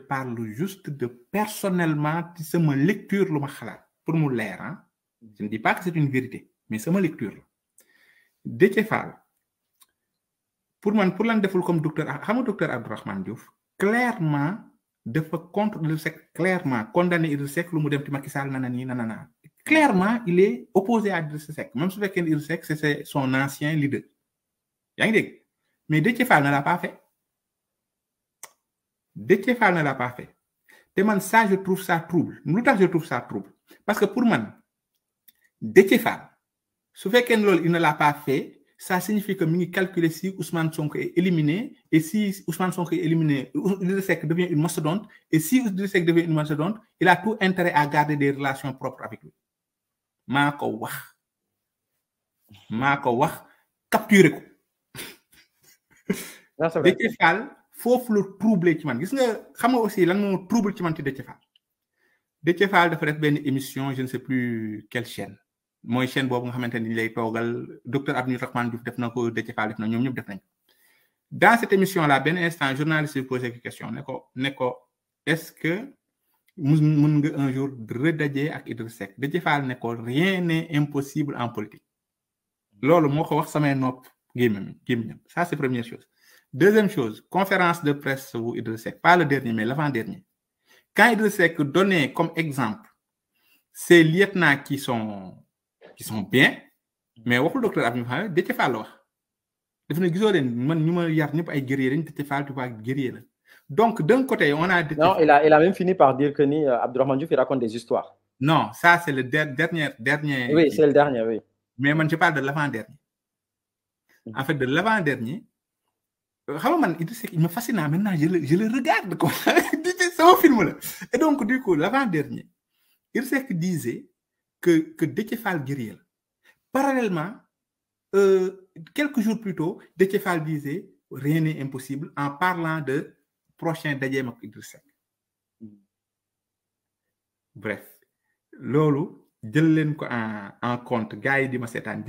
parle juste de personnellement ma lecture le ma pour mon l'air. Ah, je ne dis pas que c'est une vérité mais c'est ma lecture la pour pour l'un pour vous comme docteur comme docteur Abdourahmane Diouf clairement fait contre le sec clairement condamné le Seck le dem ci nanani, clairement il est opposé à Idrissa même si fekkee c'est son ancien leader mais Déthié ne l'a pas fait de ne l'a pas fait te ça je trouve ça trouble je trouve ça trouble parce que pour moi, De ce su qu'il ne il ne l'a pas fait ça signifie que nous calcule calculer si Ousmane Sonko est éliminé et si Ousmane Sonko est éliminé Ousmane devient une mastodonte et si Ousmane devient une mastodonte il a tout intérêt à garder des relations propres avec lui Mako ko wax vous wax capturer ko foofu la trouble ci man gis nga xam nga aussi lan moo trouble ci man ci Déthié Fall Déthié Fall dafa def benn émission je ne sais plus quelle chaîne mooy chaîne boobu nga xamante ni lay toogal docteur Abdou Rahman Diouf def na ko Déthié Fall def na ñoom ñëpp def nañ dans cette émission là benn instant journaliste bi posé question ne ko ne ko est-ce que mu mun nga un jour redajee ak Idriss Seck Déthié Fall ne ko rien n'est impossible en politique loolu moo ko wax samay nopp gémmiñ gémmiñam ça c'est première chose Deuxième chose, conférence de presse où Idriss pas le dernier, mais l'avant-dernier. Quand Idriss Seck donnait comme exemple ces lieutenants qui sont, qui sont bien, mais waxul docteur Abdou Mohamed de wax daf ne gisoo a man ñu yar ñëpp ay guerriers. tu donc d'un côté on a. non il a il a même fini par dire que ni euh, Abdourahmane Diouf il raconte des histoires. non ça c'est le dernier dernier. oui c'est le dernier oui. mais man je parle de l'avant dernier. en fait de l'avant dernier il me fascine maintenant je le je le regarde quoi mon film là. et donc du coup l'avant dernier il Seck disait que que Déthié Fall parallèlement euh, quelques jours plus tôt Déthié disait rien n'est impossible en parlant de prochain dajeem Idriss bref lolo jël leen ko en en compte gars yi di ma seetaan